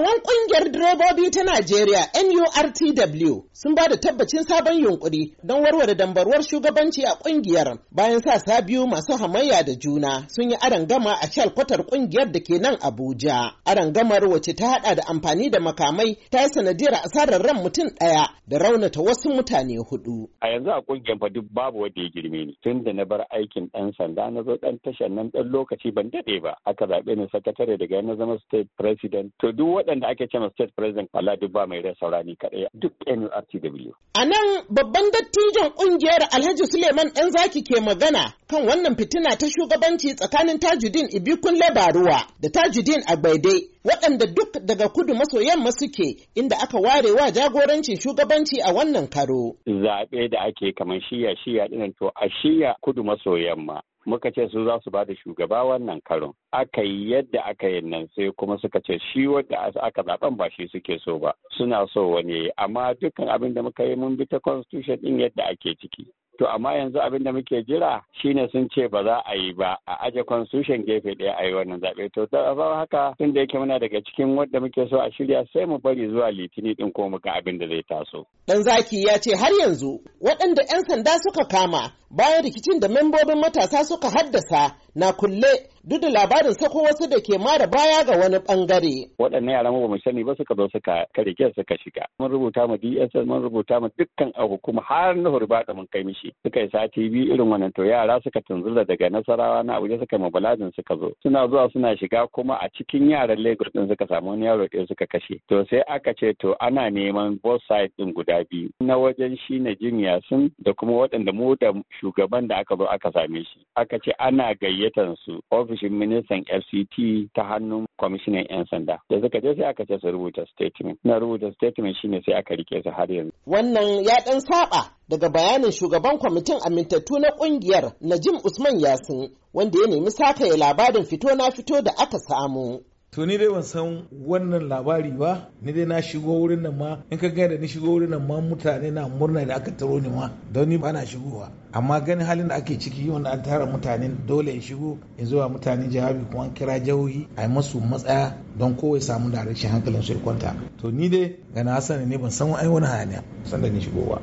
Shugaban kungiyar direbobi ta Najeriya NURTW sun ba da tabbacin sabon yunkuri don warware dambarwar shugabanci a kungiyar bayan sa biyu masu hamayya da juna sun yi arangama a shalkwatar kungiyar da ke nan Abuja. Arangamar wacce ta hada da amfani da makamai ta yi sanadiyar asarar ran mutum ɗaya da raunata wasu mutane hudu. A yanzu a kungiyar fa duk babu wanda ya girme ni tun da na bar aikin ɗan sanda na zo ɗan tashar nan ɗan lokaci ban daɗe ba aka zaɓe ni sakatare daga na zama state president to duk waɗanda ake cewa state president Dubba mai rai saurani kaɗai duk NURTW. A nan babban dattijan ƙungiyar Alhaji Suleiman ɗan zaki ke magana kan wannan fitina ta shugabanci tsakanin Tajudeen Ibikun Labaruwa da Tajudeen Agbaide waɗanda duk daga kudu maso yamma suke inda aka ware wa jagorancin shugabanci a wannan karo. Zaɓe da ake kamar shiya shiya ɗinan to a shiya kudu maso yamma muka ce su za su ba da shugaba wannan karon aka yi yadda aka yi nan sai kuma suka ce shi wadda aka zaben ba shi suke so ba suna so wani amma dukkan abin da muka yi mun bi ta constitution din yadda ake ciki To amma yanzu abin da muke jira shine sun ce ba za a yi ba a aje constitution gefe ɗaya a yi wannan zaɓe. To da ta haka tun da yake muna daga cikin wadda muke so a shirya sai mu bari zuwa litini ɗin ko muka abin da zai taso. Dan zaki ya ce har yanzu waɗanda 'yan sanda suka kama bayan rikicin da membobin matasa suka haddasa na kulle duk da labarin sako wasu da ke mara baya ga wani bangare. Waɗannan yaran ba mu sani ba suka zo suka karike suka shiga. Mun rubuta ma DSS mun rubuta ma dukkan a hukuma har na da mun kai mishi. Suka yi sati biyu irin wannan to yara suka tunzula daga Nasarawa na Abuja suka ma Baladin suka zo. Suna zuwa suna shiga kuma a cikin yaran Lagos din suka samu wani yaro ɗaya suka kashe. To sai aka ce to ana neman both side din guda biyu. Na wajen shi na Jim Yasin da kuma waɗanda mu da shugaban da aka zo aka same shi. Aka ce ana gayyatan su. ofishin ministan FCT ta hannun kwamishinan 'yan sanda. Da suka je sai aka ce su rubuta statement. Na rubuta statement shine sai aka rike su har yanzu. Wannan ya ɗan saba daga bayanin shugaban kwamitin amintattu na ƙungiyar Najim Usman Yasin wanda ya nemi sakaye labarin fito na fito da aka samu. to ni dai ban san wannan labari ba ni dai na shigo wurin nan ma in ka gani da ni shigo wurin nan ma mutane na murna da aka taro ni ma don ni ba na shigowa amma ganin halin da ake ciki wanda an tara mutane dole in shigo in zuwa mutane jawabi kuma an kira jihohi a masu matsaya don kowai samu da rashin hankalin su kwanta to ni dai ga na hasana ne ban san ai wani hayaniya san da ni ba.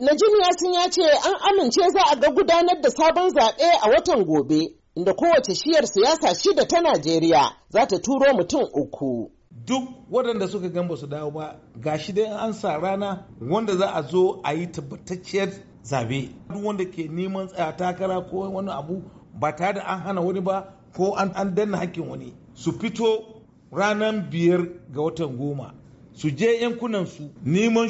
Najim Yasin ya ce an amince za a ga gudanar da sabon zaɓe a watan gobe inda kowace shiyar siyasa shida ta Najeriya za ta turo mutum uku. Duk waɗanda suka gan ba su dawo ba ga shi dai an sa rana wanda za a zo a yi tabbatacciyar zabe. Duk wanda ke neman tsaya takara ko wani abu ba tare da an hana wani ba ko an danna hakkin wani su fito ranar biyar ga watan goma su je yankunan su neman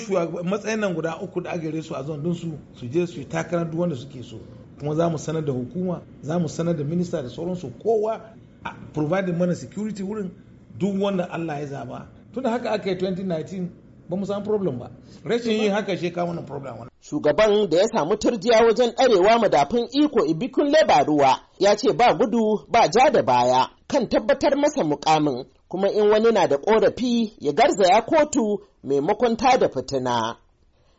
matsayin nan guda uku da gare su a zandunsu su je su yi takarar duk wanda suke so. kuma za mu sanar da hukuma za mu sanar da minista da sauransu kowa a providing mana security wurin duk wanda Allah ya zaba tunda haka aka yi 2019 ba mu samu problem ba rashin yin haka shi kawo problem wani shugaban da ya samu turjiya wajen arewa madafin iko ibikun ruwa ya ce ba gudu ba ja da baya kan tabbatar masa mukamin kuma in wani na da korafi ya garzaya kotu maimakon da fitina